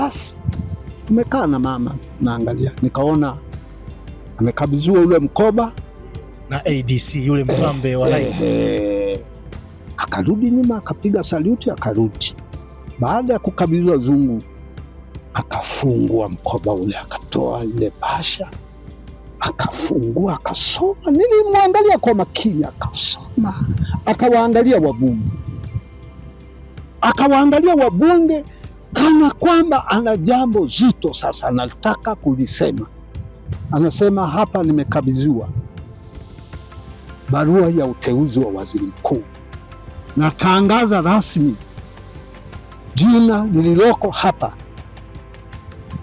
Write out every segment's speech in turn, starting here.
basi tumekaa na mama naangalia, nikaona amekabidhiwa ule mkoba na ADC yule mpambe wa rais. Akarudi nyuma akapiga saluti akarudi. Baada ya kukabidhiwa zungu, akafungua mkoba ule, akatoa ile basha, akafungua, akasoma. Nilimwangalia kwa makini, akasoma, akawaangalia wabunge, akawaangalia wabunge kana kwamba ana jambo zito sasa anataka kulisema. Anasema hapa, nimekabidhiwa barua ya uteuzi wa waziri mkuu. Natangaza rasmi jina lililoko hapa,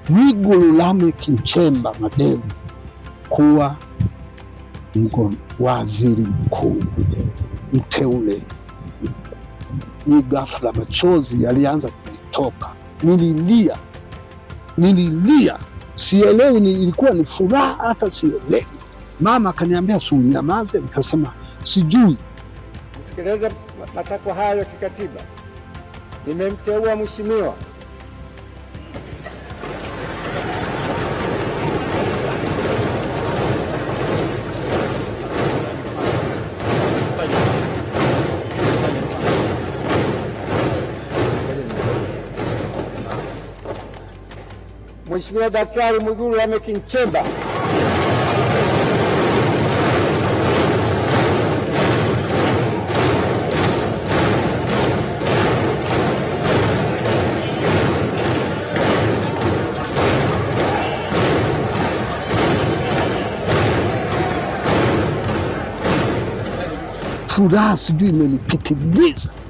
Mwigulu Lameck Nchemba Madelu, kuwa waziri mkuu mteule. Ni ghafla machozi yalianza kunitoka nililia, nililia, sielewi ni, ilikuwa ni furaha hata sielewi. Mama akaniambia sunyamaze, nikasema sijui. Kutekeleza matakwa hayo kikatiba, nimemteua mheshimiwa Mheshimiwa Daktari Mwigulu Lameck Nchemba furaha sijui imenipitiliza.